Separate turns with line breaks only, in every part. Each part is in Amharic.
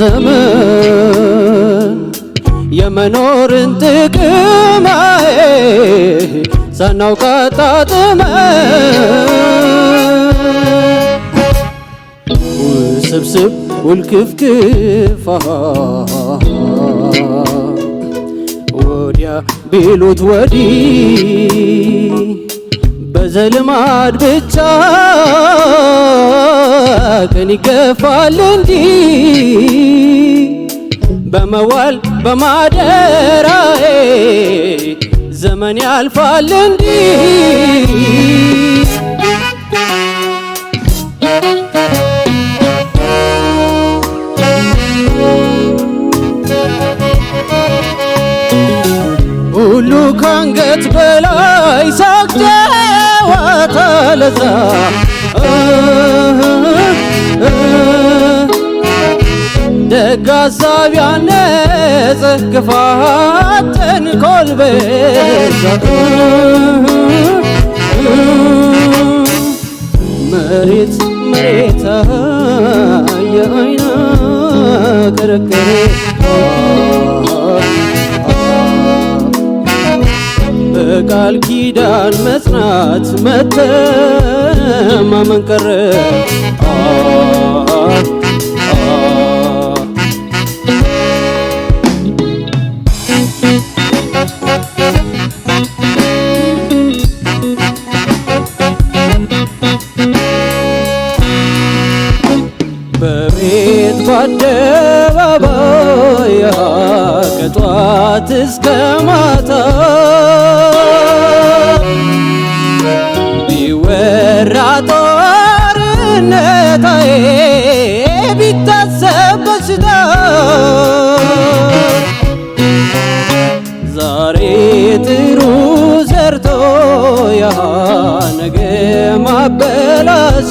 ዘመን የመኖርን ጥቅማዬ ሳናውቅ አጣጥመን ውስብስብ ውልክፍክፋ ወዲያ ቢሉት ወዲህ በልማድ ብቻ ቀን ይገፋል እንጂ በመዋል በማደራዬ ዘመን ያልፋል እንጂ ሁሉ ከአንገት በላይ ሳቅጃ ተለዛ ደግ ተንኮል በዛ መሬት መሬት የአይነ በቃል ኪዳን መጽናት መተማመን ቀረ። በቤት ባደባባይ ከጧት እስከ ያላዘ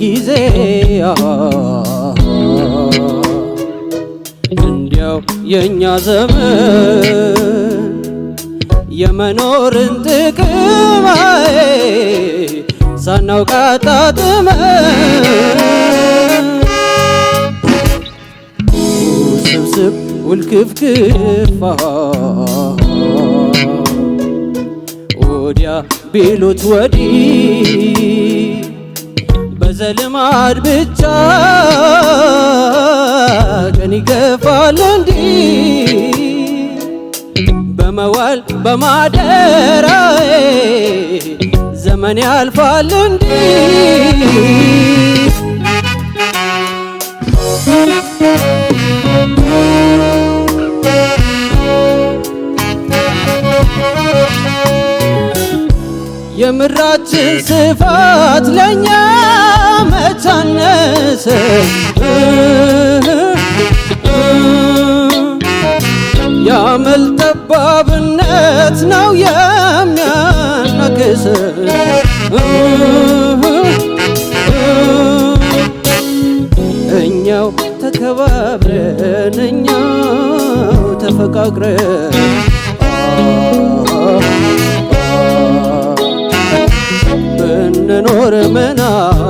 ጊዜ እንዲያው የእኛ ዘመን የመኖርን ጥቅም ሳናውቃ አጣጥመን ውስብስብ ውልክፍክፋ ወዲያ ቢሉት ወዲህ በልማድ ብቻ ቀን ይገፋል እንዲ በመዋል በማደራዬ ዘመን ያልፋል እንዲ የምድራችን ስፋት ለኛ ታነሰ ያመል ጠባብነት ነው የሚያናክስ እኛው ተከባብረን እኛው ተፈቃቅረን ብንኖር ምን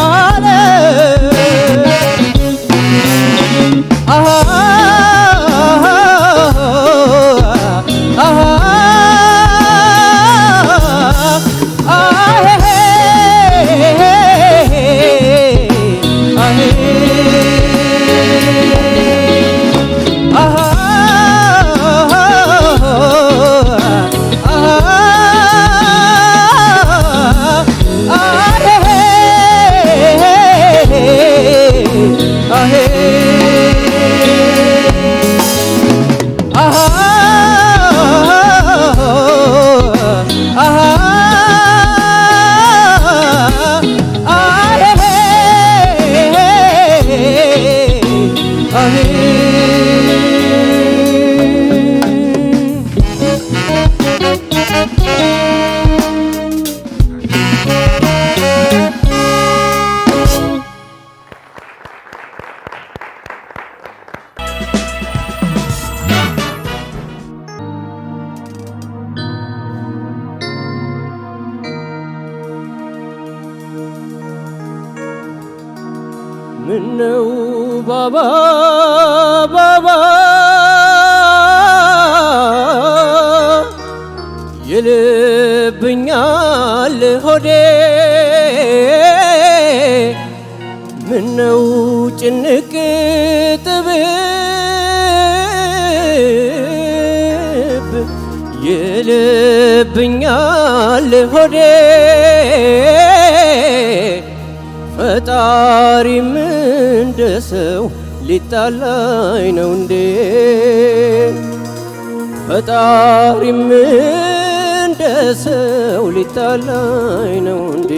ቃል ሊጣላይ ነው እንዴ? እንደ ሰው ሊጣላይ ነው እንዴ?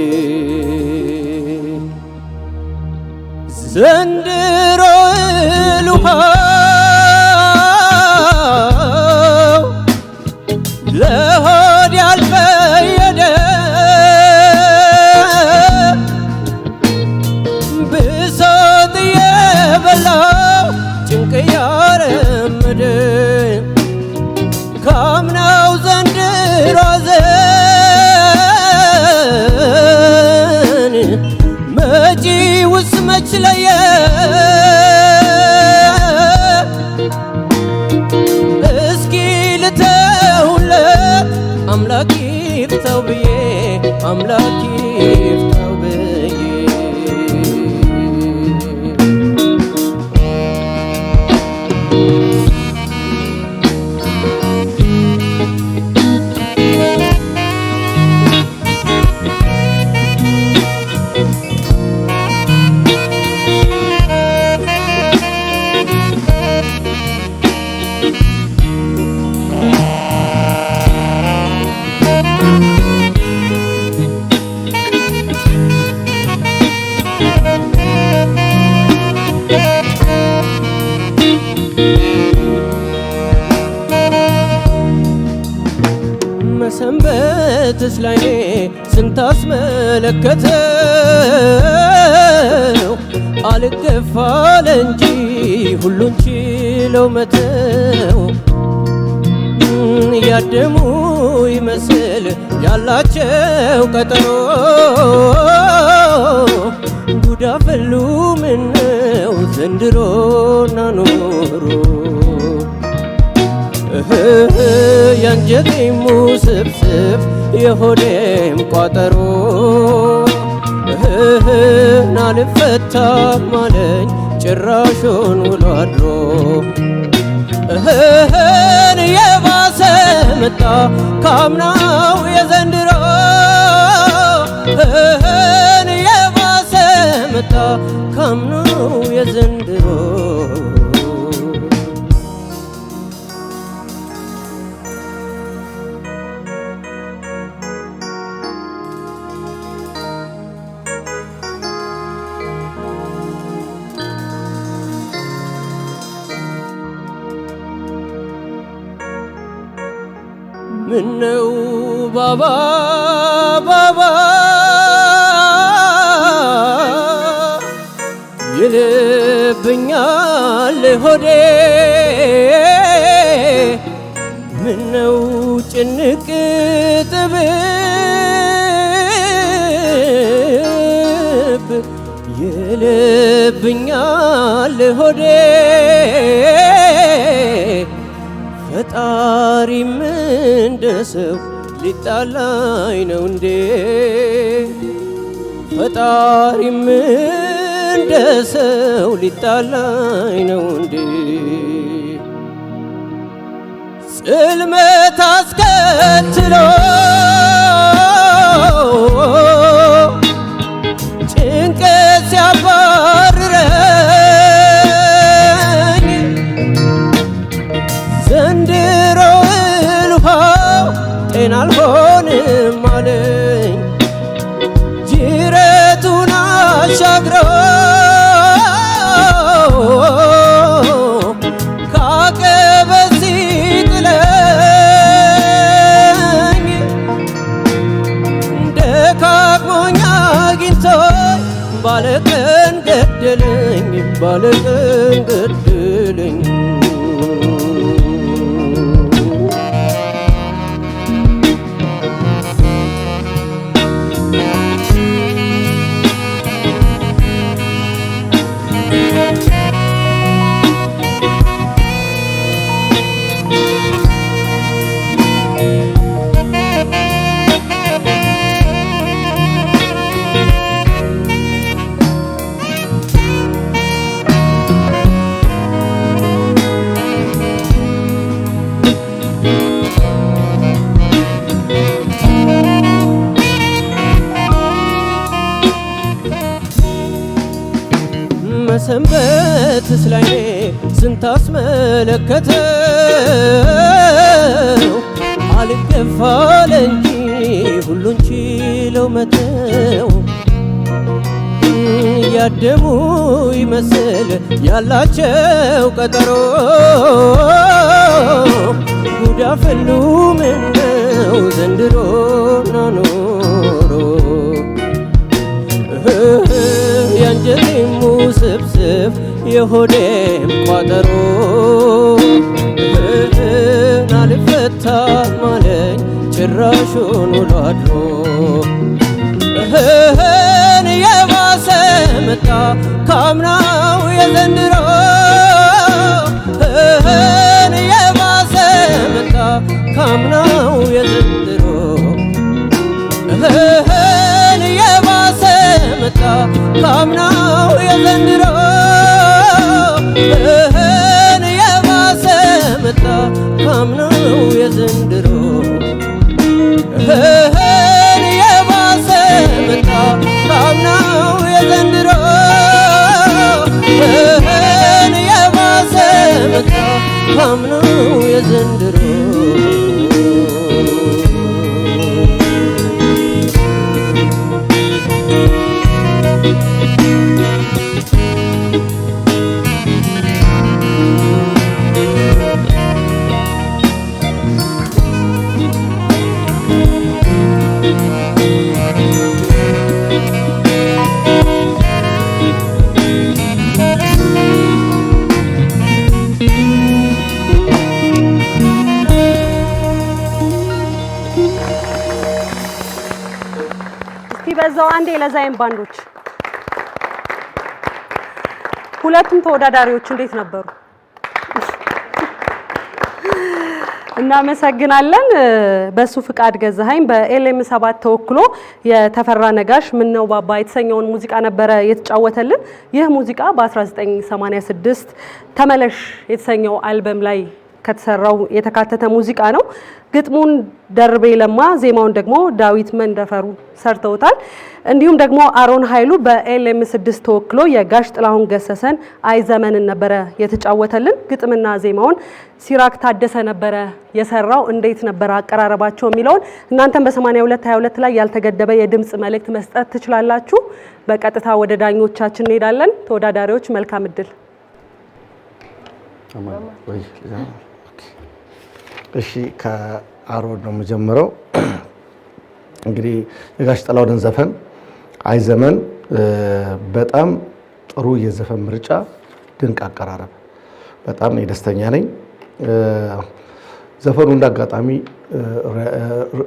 ዘንድሮ ተው ብዬ አምላኪ ብለው መተው ያደሙ ይመስል ያላቸው ቀጠሮ ጉዳ ፈሉ ምነው ዘንድሮ ናኖሩ ያንጀቴም ውስብስብ የሆዴም ቋጠሮ ናልፈታ ማለኝ ጭራሹን ውሎ አድሮ እህን የባሰ መጣ ካምናው የዘንድሮ እህን የባሰ መጣ ካምናው የዘንድሮ ምነው ባባ ባባ ይልብኛል ሆዴ ምነው ጭንቅ ጥብብ ይልብኛል ሆዴ ፈጣሪ እንደ ሰው ሊጣላይ ነው እንዴ? ፈጣሪ እንደ ሰው ሊጣላይ ነው እንዴ? ጽልመት አስከትሎ ታስመለከተው አልገፋለ እንጂ ሁሉን ችለው መተው ያደሙ ይመስል ያላቸው ቀጠሮ ጉዳፈሉ ፈሉ ምነው ዘንድሮ ናኖሮ ያንጀቴ ሙስብስ የሆዴም ቋጠሮ አልፈታ ማለኝ ጭራሹን ውሎ አድሮ የባሰ መጣ ካምናው የዘንድሮ እህን የባሰ መጣ ካምናው የዘንድሮ የባሰ መጣ ካምናው የዘንድሮ መጣ ካምናው የዘንድሮ እህል የባሰ መጣ ካምናው የዘንድሮ እህል የባሰ መጣ ካምናው የዘንድሮ
ዛይን ባንዶች ሁለቱም ተወዳዳሪዎች እንዴት ነበሩ? እናመሰግናለን። በሱ ፍቃድ ገዛኸኝ በኤልኤም ሰባት ተወክሎ የተፈራ ነጋሽ ምነው ባባ የተሰኘውን ሙዚቃ ነበረ የተጫወተልን። ይህ ሙዚቃ በ1986 ተመለሽ የተሰኘው አልበም ላይ ከተሰራው የተካተተ ሙዚቃ ነው። ግጥሙን ደርቤ ለማ፣ ዜማውን ደግሞ ዳዊት መንደፈሩ ሰርተውታል። እንዲሁም ደግሞ አሮን ኃይሉ በኤልኤም ስድስት ተወክሎ የጋሽ ጥላሁን ገሰሰን አይ ዘመንን ነበረ የተጫወተልን። ግጥምና ዜማውን ሲራክ ታደሰ ነበረ የሰራው። እንዴት ነበረ አቀራረባቸው የሚለውን እናንተም በ8222 ላይ ያልተገደበ የድምፅ መልእክት መስጠት ትችላላችሁ። በቀጥታ ወደ ዳኞቻችን እንሄዳለን። ተወዳዳሪዎች መልካም እድል።
እሺ ከአሮድ ነው የምጀምረው። እንግዲህ የጋሽ ጥላሁንን ዘፈን አይ ዘመን በጣም ጥሩ የዘፈን ምርጫ፣ ድንቅ አቀራረብ፣ በጣም ደስተኛ ነኝ። ዘፈኑ እንዳጋጣሚ አጋጣሚ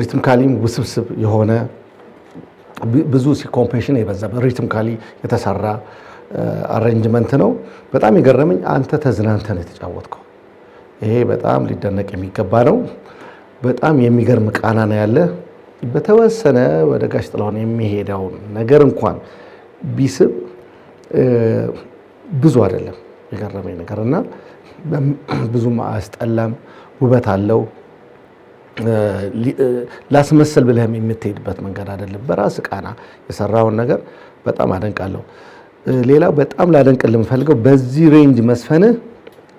ሪትምካሊም ውስብስብ የሆነ ብዙ ሲኮምፔሽን የበዛበት ሪትምካሊ የተሰራ አረንጅመንት ነው። በጣም የገረመኝ አንተ ተዝናንተን የተጫወትከው ይሄ በጣም ሊደነቅ የሚገባ ነው። በጣም የሚገርም ቃና ነው ያለ። በተወሰነ ወደ ጋሽ ጥላሁን የሚሄደውን ነገር እንኳን ቢስብ ብዙ አይደለም። የገረመኝ ነገር እና ብዙም አያስጠላም፣ ውበት አለው። ላስመሰል ብለህም የምትሄድበት መንገድ አይደለም። በራስ ቃና የሰራውን ነገር በጣም አደንቃለሁ። ሌላው በጣም ላደንቅ የምፈልገው በዚህ ሬንጅ መስፈንህ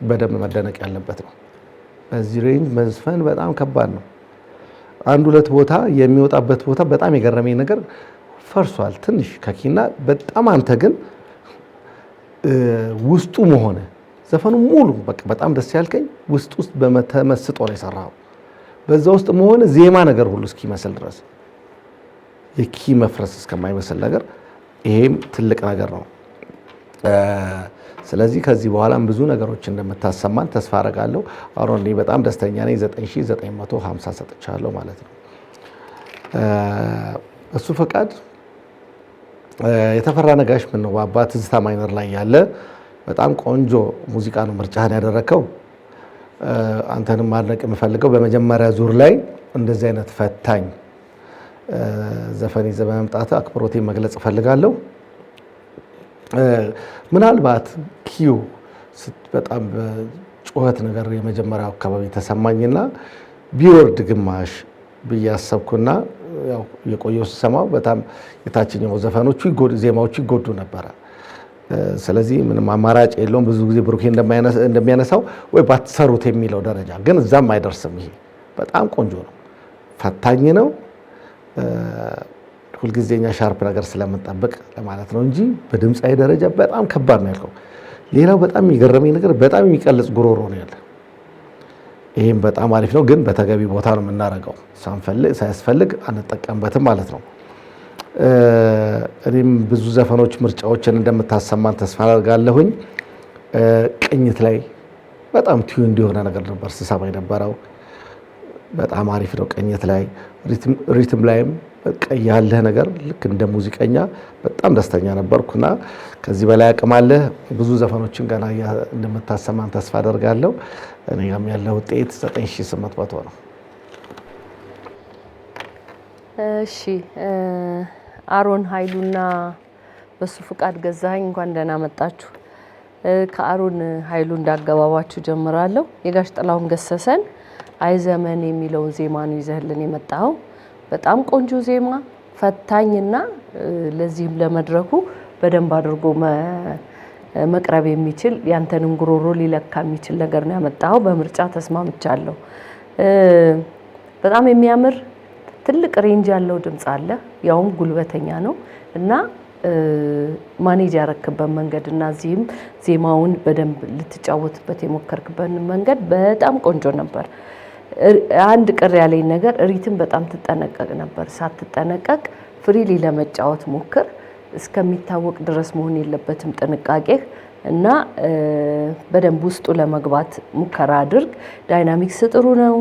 በደንብ መደነቅ ያለበት ነው። በዚህ ሬንጅ መዝፈን በጣም ከባድ ነው። አንድ ሁለት ቦታ የሚወጣበት ቦታ በጣም የገረመኝ ነገር ፈርሷል ትንሽ ከኪና በጣም አንተ ግን ውስጡ መሆነ ዘፈኑ ሙሉ በቃ በጣም ደስ ያልከኝ ውስጥ ውስጥ በመተመስጦ ነው የሰራው። በዛ ውስጥ መሆነ ዜማ ነገር ሁሉ እስኪመስል ድረስ የኪ መፍረስ እስከማይመስል ነገር ይሄም ትልቅ ነገር ነው። ስለዚህ ከዚህ በኋላም ብዙ ነገሮች እንደምታሰማን ተስፋ አረጋለሁ። አሁን በጣም ደስተኛ ነኝ። 9950 ሰጥቻለሁ ማለት ነው። እሱ ፈቃድ የተፈራ ነጋሽ ምን ነው በአባት ትዝታ ማይነር ላይ ያለ በጣም ቆንጆ ሙዚቃ ነው ምርጫህን ያደረከው። አንተንም ማድነቅ የምፈልገው በመጀመሪያ ዙር ላይ እንደዚህ አይነት ፈታኝ ዘፈን ይዘህ በመምጣት አክብሮቴ መግለጽ እፈልጋለሁ። ምናልባት ኪዩ በጣም ጩኸት ነገር የመጀመሪያው አካባቢ ተሰማኝና ቢወርድ ግማሽ ብዬ አሰብኩና የቆየው ሲሰማው በጣም የታችኛው ዘፈኖቹ ዜማዎቹ ይጎዱ ነበረ። ስለዚህ ምንም አማራጭ የለውም። ብዙ ጊዜ ብሩኬ እንደሚያነሳው ወይ ባትሰሩት የሚለው ደረጃ ግን እዛም አይደርስም። ይሄ በጣም ቆንጆ ነው፣ ፈታኝ ነው። ሁልጊዜ እኛ ሻርፕ ነገር ስለምንጠብቅ ለማለት ነው እንጂ በድምፃዊ ደረጃ በጣም ከባድ ነው ያልከው። ሌላው በጣም የሚገረመኝ ነገር በጣም የሚቀልጽ ጉሮሮ ነው ያለ። ይህም በጣም አሪፍ ነው፣ ግን በተገቢ ቦታ ነው የምናደርገው። ሳያስፈልግ አንጠቀምበትም ማለት ነው። እኔም ብዙ ዘፈኖች ምርጫዎችን እንደምታሰማን ተስፋ አደርጋለሁኝ። ቅኝት ላይ በጣም ቲዩ እንዲሆነ ነገር ነበር ስሰማ የነበረው። በጣም አሪፍ ነው ቅኝት ላይ ሪትም ላይም በቃ ያለህ ነገር ልክ እንደ ሙዚቀኛ በጣም ደስተኛ ነበርኩና ከዚህ በላይ አቅም አለህ፣ ብዙ ዘፈኖችን ገና እንደምታሰማን ተስፋ አደርጋለሁ። እኔ ያለ ውጤት 9800 ነው።
እሺ አሮን ኃይሉና በሱ ፍቃድ ገዛኸኝ እንኳን ደህና መጣችሁ። ከአሮን ኃይሉ እንዳገባባችሁ ጀምራለሁ። የጋሽ ጥላሁን ገሰሰን አይ ዘመን የሚለውን ዜማ ነው ይዘህልን የመጣኸው። በጣም ቆንጆ ዜማ ፈታኝና ለዚህም ለመድረኩ በደንብ አድርጎ መቅረብ የሚችል ያንተንም ጉሮሮ ሊለካ የሚችል ነገር ነው ያመጣው። በምርጫ ተስማምቻለሁ። በጣም የሚያምር ትልቅ ሬንጅ ያለው ድምፅ አለ። ያውም ጉልበተኛ ነው እና ማኔጅ ያረክበት መንገድ እና እዚህም ዜማውን በደንብ ልትጫወትበት የሞከርክበት መንገድ በጣም ቆንጆ ነበር። አንድ ቅር ያለኝ ነገር ሪትም በጣም ትጠነቀቅ ነበር። ሳትጠነቀቅ ፍሪሊ ለመጫወት ሞክር። እስከሚታወቅ ድረስ መሆን የለበትም ጥንቃቄህ እና በደንብ ውስጡ ለመግባት ሙከራ አድርግ። ዳይናሚክስ ጥሩ ነው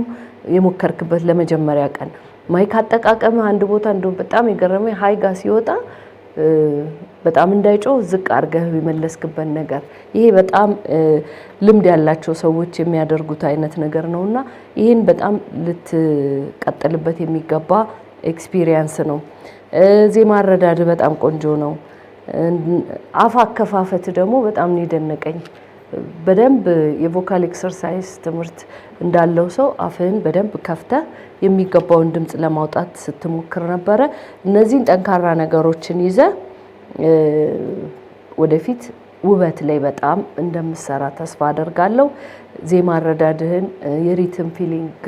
የሞከርክበት ለመጀመሪያ ቀን ማይክ አጠቃቀምህ አንድ ቦታ እንደውም በጣም የገረመኝ ሀይ ጋ ሲወጣ በጣም እንዳይጮህ ዝቅ አድርገህ የመለስክበት ነገር ይሄ በጣም ልምድ ያላቸው ሰዎች የሚያደርጉት አይነት ነገር ነው እና ይህን በጣም ልትቀጥልበት የሚገባ ኤክስፒሪየንስ ነው። ዜማ አረዳድ በጣም ቆንጆ ነው። አፍ አከፋፈት ደግሞ በጣም ነው የደነቀኝ። በደንብ የቮካል ኤክሰርሳይዝ ትምህርት እንዳለው ሰው አፍህን በደንብ ከፍተህ የሚገባውን ድምፅ ለማውጣት ስትሞክር ነበረ። እነዚህን ጠንካራ ነገሮችን ይዘ ወደፊት ውበት ላይ በጣም እንደምሰራ ተስፋ አደርጋለሁ። ዜማ አረዳድህን፣ የሪትም ፊሊንግ፣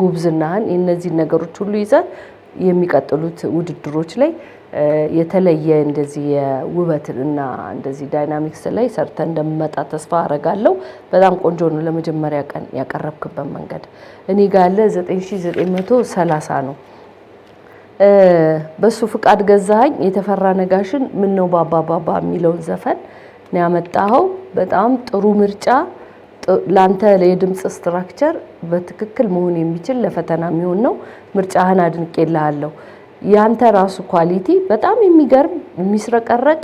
ጉብዝናህን የእነዚህን ነገሮች ሁሉ ይዘ የሚቀጥሉት ውድድሮች ላይ የተለየ እንደዚህ የውበት እና እንደዚህ ዳይናሚክስ ላይ ሰርተ እንደምመጣ ተስፋ አረጋለሁ። በጣም ቆንጆ ነው። ለመጀመሪያ ቀን ያቀረብክበት መንገድ እኔ ጋ ያለ 9930 ነው። በሱ ፍቃድ ገዛኸኝ የተፈራ ነጋሽን ምን ነው ባባ ባባ የሚለውን ዘፈን ነው ያመጣኸው። በጣም ጥሩ ምርጫ ላንተ የድምፅ ስትራክቸር በትክክል መሆን የሚችል ለፈተና የሚሆን ነው። ምርጫህን አድንቄልሃለሁ። ያንተ ራሱ ኳሊቲ በጣም የሚገርም የሚስረቀረቅ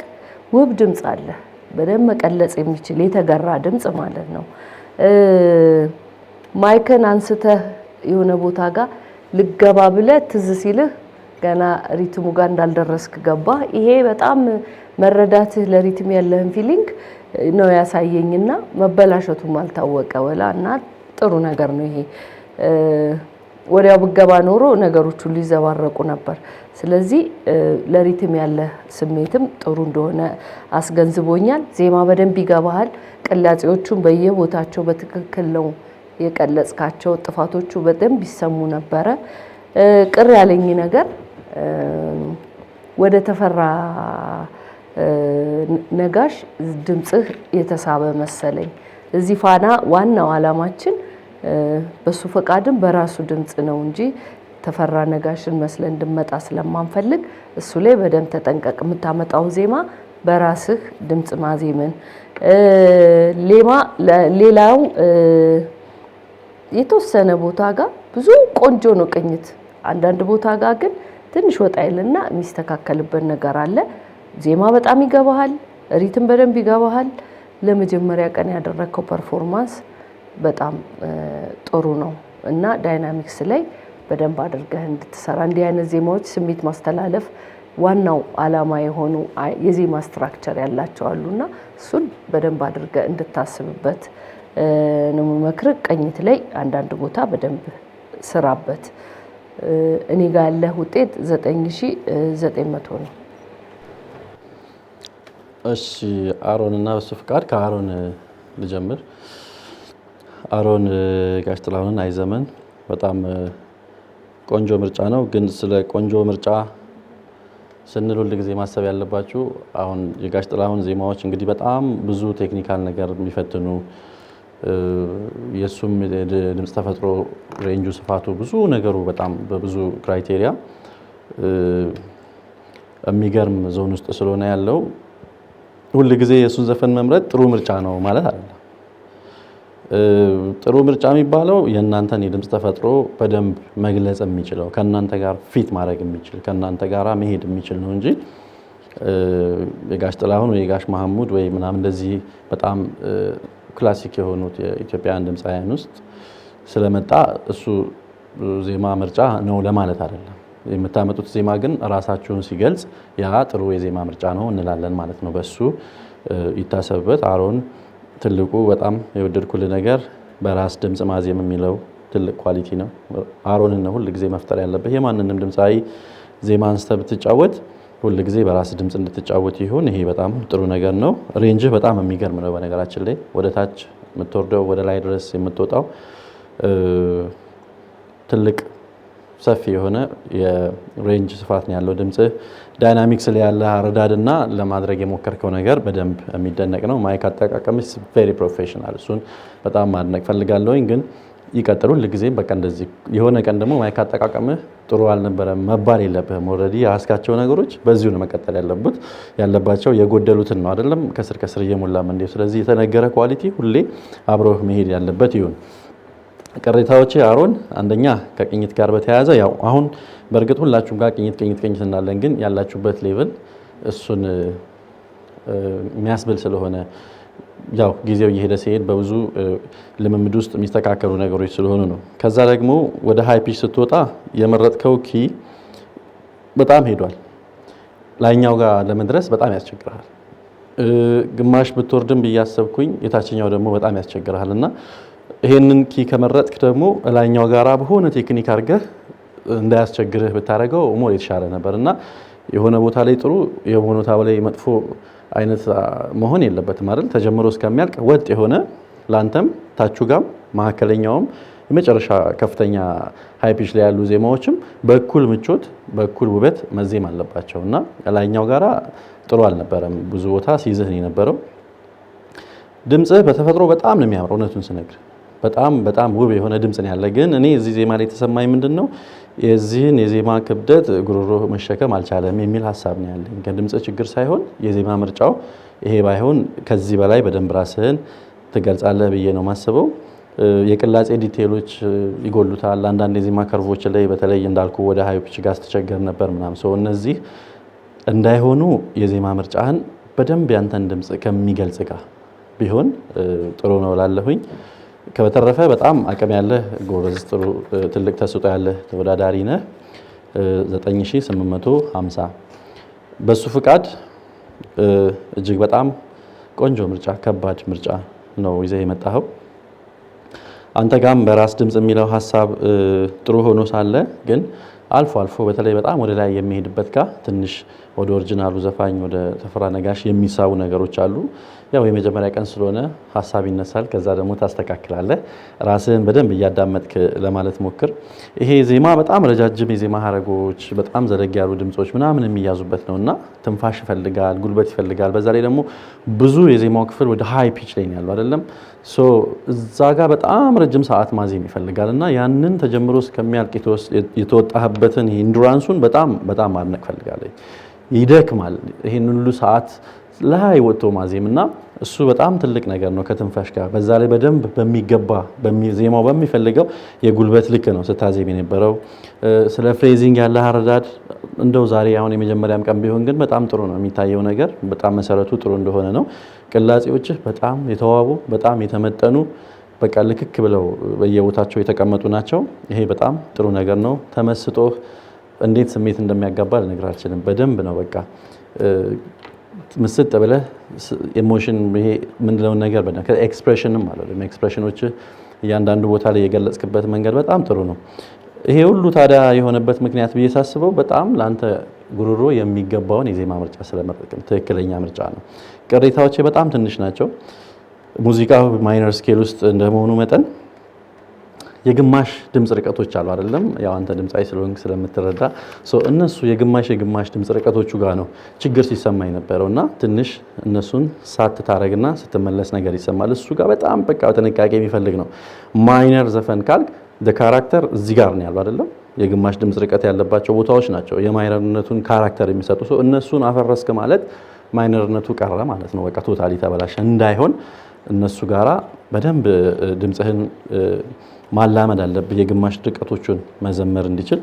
ውብ ድምፅ አለ። በደንብ መቀለጽ የሚችል የተገራ ድምፅ ማለት ነው። ማይክን አንስተህ የሆነ ቦታ ጋር ልገባ ብለህ ትዝ ሲልህ ገና ሪትሙ ጋር እንዳልደረስክ ገባ። ይሄ በጣም መረዳትህ ለሪትም ያለህን ፊሊንግ ነው ያሳየኝና መበላሸቱም አልታወቀ ወላ እና ጥሩ ነገር ነው ይሄ። ወዲያው ብገባ ኖሮ ነገሮቹ ሁሉ ነበር። ስለዚህ ለሪትም ያለ ስሜትም ጥሩ እንደሆነ አስገንዝቦኛል። ዜማ በደንብ ይገባሃል። ቅላጼዎቹን በየቦታቸው በትክክል ነው የቀለጽካቸው። ጥፋቶቹ በደንብ ይሰሙ ነበረ። ቅር ያለኝ ነገር ወደ ተፈራ ነጋሽ ድምፅህ የተሳበ መሰለኝ። እዚህ ፋና ዋናው አላማችን በሱ ፈቃድም በራሱ ድምፅ ነው እንጂ ተፈራ ነጋሽን መስለ እንድመጣ ስለማንፈልግ እሱ ላይ በደንብ ተጠንቀቅ። የምታመጣውን ዜማ በራስህ ድምፅ ማዜምን ሌማ ሌላው የተወሰነ ቦታ ጋር ብዙ ቆንጆ ነው ቅኝት፣ አንዳንድ ቦታ ጋር ግን ትንሽ ወጣ ይልና የሚስተካከልበት ነገር አለ። ዜማ በጣም ይገባሃል፣ ሪትም በደንብ ይገባሃል። ለመጀመሪያ ቀን ያደረግከው ፐርፎርማንስ በጣም ጥሩ ነው እና ዳይናሚክስ ላይ በደንብ አድርገህ እንድትሰራ እንዲህ አይነት ዜማዎች ስሜት ማስተላለፍ ዋናው አላማ የሆኑ የዜማ ስትራክቸር ያላቸው አሉና እሱን በደንብ አድርገህ እንድታስብበት ነው የምመክርህ። ቀኝት ላይ አንዳንድ ቦታ በደንብ ስራበት። እኔ ጋ ያለህ ውጤት 9900 ነው።
እሺ አሮን እና በሱ ፍቃድ ከአሮን ልጀምር። አሮን ጋሽ ጥላሁንን አይዘመን በጣም ቆንጆ ምርጫ ነው። ግን ስለ ቆንጆ ምርጫ ስንል ሁል ጊዜ ማሰብ ያለባችሁ አሁን የጋሽ ጥላሁን ዜማዎች እንግዲህ በጣም ብዙ ቴክኒካል ነገር የሚፈትኑ የእሱም ድምፅ ተፈጥሮ ሬንጁ፣ ስፋቱ፣ ብዙ ነገሩ በጣም በብዙ ክራይቴሪያ የሚገርም ዞን ውስጥ ስለሆነ ያለው ሁል ጊዜ የእሱን ዘፈን መምረጥ ጥሩ ምርጫ ነው ማለት አለ ጥሩ ምርጫ የሚባለው የእናንተን የድምፅ ተፈጥሮ በደንብ መግለጽ የሚችለው ከእናንተ ጋር ፊት ማድረግ የሚችል ከእናንተ ጋር መሄድ የሚችል ነው እንጂ የጋሽ ጥላሁን ወይ የጋሽ መሐሙድ ወይ ምናምን እንደዚህ በጣም ክላሲክ የሆኑት የኢትዮጵያውያን ድምፃውያን ውስጥ ስለመጣ እሱ ዜማ ምርጫ ነው ለማለት አይደለም። የምታመጡት ዜማ ግን ራሳችሁን ሲገልጽ ያ ጥሩ የዜማ ምርጫ ነው እንላለን ማለት ነው። በሱ ይታሰብበት አሮን ትልቁ በጣም የወደድኩልህ ነገር በራስ ድምፅ ማዜም የሚለው ትልቅ ኳሊቲ ነው። አሮንን ነው ሁል ጊዜ መፍጠር ያለብህ። የማንንም ድምፃዊ ዜማ አንስተ ብትጫወት ሁል ጊዜ በራስ ድምፅ እንድትጫወት ይሁን። ይሄ በጣም ጥሩ ነገር ነው። ሬንጅህ በጣም የሚገርም ነው። በነገራችን ላይ ወደ ታች የምትወርደው ወደ ላይ ድረስ የምትወጣው ትልቅ ሰፊ የሆነ የሬንጅ ስፋት ነው ያለው ድምጽ ዳይናሚክስ ላይ ያለ አረዳድ እና ለማድረግ የሞከርከው ነገር በደንብ የሚደነቅ ነው። ማይክ አጠቃቀም ቬሪ ፕሮፌሽናል፣ እሱን በጣም ማድነቅ ፈልጋለሁኝ። ግን ይቀጥሉ ሁልጊዜ በቃ እንደዚህ የሆነ ቀን ደግሞ ማይክ አጠቃቀምህ ጥሩ አልነበረም መባል የለብህም። ኦልሬዲ የያዝካቸው ነገሮች በዚሁ ነው መቀጠል ያለበት ያለባቸው የጎደሉትን ነው አይደለም ከስር ከስር እየሞላ እንዲ ስለዚህ የተነገረ ኳሊቲ ሁሌ አብረህ መሄድ ያለበት ይሁን። ቅሬታዎች አሮን አንደኛ ከቅኝት ጋር በተያያዘ ያው አሁን በእርግጥ ሁላችሁም ጋር ቅኝት ቅኝት ቅኝት እናለን፣ ግን ያላችሁበት ሌቭል እሱን የሚያስብል ስለሆነ ያው ጊዜው እየሄደ ሲሄድ በብዙ ልምምድ ውስጥ የሚስተካከሉ ነገሮች ስለሆኑ ነው። ከዛ ደግሞ ወደ ሀይ ፒች ስትወጣ የመረጥከው ኪ በጣም ሄዷል። ላይኛው ጋር ለመድረስ በጣም ያስቸግራል። ግማሽ ብትወርድም ብያሰብኩኝ የታችኛው ደግሞ በጣም ያስቸግርሃል እና ይሄንን ኪ ከመረጥክ ደግሞ ላይኛው ጋራ በሆነ ቴክኒክ አድርገህ እንዳያስቸግርህ ብታደርገው ሞር የተሻለ ነበር እና የሆነ ቦታ ላይ ጥሩ የሆነ ቦታ ላይ መጥፎ አይነት መሆን የለበትም አይደል? ተጀምሮ እስከሚያልቅ ወጥ የሆነ ላንተም ታቹ ጋም መካከለኛውም የመጨረሻ ከፍተኛ ሃይፒች ላይ ያሉ ዜማዎችም በኩል ምቾት በኩል ውበት መዜም አለባቸው እና ላይኛው ጋራ ጥሩ አልነበረም። ብዙ ቦታ ሲይዝህ የነበረው ድምፅህ በተፈጥሮ በጣም ነው የሚያምረው እውነቱን ስነግር በጣም በጣም ውብ የሆነ ድምፅ ነው ያለ። ግን እኔ እዚህ ዜማ ላይ የተሰማኝ ምንድን ነው የዚህን የዜማ ክብደት ጉሮሮ መሸከም አልቻለም የሚል ሀሳብ ነው ያለኝ። ከድምፅ ችግር ሳይሆን የዜማ ምርጫው ይሄ ባይሆን ከዚህ በላይ በደንብ ራስህን ትገልጻለህ ብዬ ነው ማስበው። የቅላጼ ዲቴሎች ይጎሉታል። አንዳንድ የዜማ ከርቮች ላይ በተለይ እንዳልኩ ወደ ሀይ ፒች ጋር ስትቸገር ነበር ምናም ሰው እነዚህ እንዳይሆኑ የዜማ ምርጫህን በደንብ ያንተን ድምፅ ከሚገልጽ ጋር ቢሆን ጥሩ ነው ላለሁኝ ከበተረፈ በጣም አቅም ያለህ ጎበዝ፣ ጥሩ ትልቅ ተስጦ ያለህ ተወዳዳሪ ነህ። 9850 በሱ ፍቃድ እጅግ በጣም ቆንጆ ምርጫ፣ ከባድ ምርጫ ነው ይዘህ የመጣኸው። አንተ ጋም በራስ ድምፅ የሚለው ሀሳብ ጥሩ ሆኖ ሳለ ግን አልፎ አልፎ በተለይ በጣም ወደ ላይ የሚሄድበት ጋር ትንሽ ወደ ኦሪጂናሉ ዘፋኝ ወደ ተፈራ ነጋሽ የሚሳቡ ነገሮች አሉ። ያው የመጀመሪያ ቀን ስለሆነ ሀሳብ ይነሳል፣ ከዛ ደግሞ ታስተካክላለህ። ራስህን በደንብ እያዳመጥክ ለማለት ሞክር። ይሄ ዜማ በጣም ረጃጅም የዜማ ሀረጎች፣ በጣም ዘለግ ያሉ ድምፆች ምናምን የሚያዙበት ነው እና ትንፋሽ ይፈልጋል፣ ጉልበት ይፈልጋል። በዛ ላይ ደግሞ ብዙ የዜማው ክፍል ወደ ሀይ ፒች ላይ ያሉ አይደለም፣ እዛ ጋር በጣም ረጅም ሰዓት ማዜም ይፈልጋል እና ያንን ተጀምሮ እስከሚያልቅ የተወጣህበትን ኢንዱራንሱን በጣም በጣም ማድነቅ እፈልጋለሁ። ይደክማል ይህን ሁሉ ሰዓት ላይ ወጥቶ ማዜም እና እሱ በጣም ትልቅ ነገር ነው ከትንፋሽ ጋር። በዛ ላይ በደንብ በሚገባ ዜማው በሚፈልገው የጉልበት ልክ ነው ስታዜም የነበረው። ስለ ፍሬዚንግ ያለ አረዳድ እንደው ዛሬ አሁን የመጀመሪያም ቀን ቢሆን ግን በጣም ጥሩ ነው የሚታየው ነገር በጣም መሰረቱ ጥሩ እንደሆነ ነው። ቅላጼዎችህ በጣም የተዋቡ በጣም የተመጠኑ በቃ ልክክ ብለው በየቦታቸው የተቀመጡ ናቸው። ይሄ በጣም ጥሩ ነገር ነው። ተመስጦህ እንዴት ስሜት እንደሚያጋባ ልነግርህ አልችልም። በደንብ ነው በቃ ምስጥ ብለህ ኢሞሽን ይሄ ምንለውን ነገር በደንብ ኤክስፕሬሽንም አለ ኤክስፕሬሽኖች እያንዳንዱ ቦታ ላይ የገለጽክበት መንገድ በጣም ጥሩ ነው። ይሄ ሁሉ ታዲያ የሆነበት ምክንያት ብዬ ሳስበው በጣም ለአንተ ጉሮሮ የሚገባውን የዜማ ምርጫ ስለመጠቅም ትክክለኛ ምርጫ ነው። ቅሬታዎቼ በጣም ትንሽ ናቸው። ሙዚቃ ማይነር ስኬል ውስጥ እንደመሆኑ መጠን የግማሽ ድምፅ ርቀቶች አሉ አይደለም? ያው አንተ ድምፃዊ ስለሆንክ ስለምትረዳ እነሱ የግማሽ የግማሽ ድምፅ ርቀቶቹ ጋር ነው ችግር ሲሰማ ነበረው እና ትንሽ እነሱን ሳት ታረግና ስትመለስ ነገር ይሰማል። እሱ ጋር በጣም በቃ ጥንቃቄ የሚፈልግ ነው። ማይነር ዘፈን ካልክ ካራክተር እዚህ ጋር ነው ያሉ አይደለም? የግማሽ ድምፅ ርቀት ያለባቸው ቦታዎች ናቸው የማይነርነቱን ካራክተር የሚሰጡ ሰው እነሱን አፈረስክ ማለት ማይነርነቱ ቀረ ማለት ነው። በቃ ቶታሊ ተበላሸ እንዳይሆን እነሱ ጋራ በደንብ ድምፅህን ማላመድ አለብህ የግማሽ ድቀቶቹን መዘመር እንዲችል።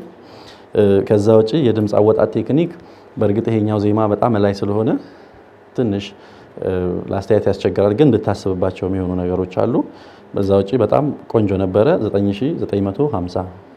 ከዛ ውጪ የድምፅ አወጣት ቴክኒክ በእርግጥ ይሄኛው ዜማ በጣም ላይ ስለሆነ ትንሽ ለአስተያየት ያስቸግራል፣ ግን እንድታስብባቸው የሚሆኑ ነገሮች አሉ። በዛ ውጪ በጣም ቆንጆ ነበረ 9950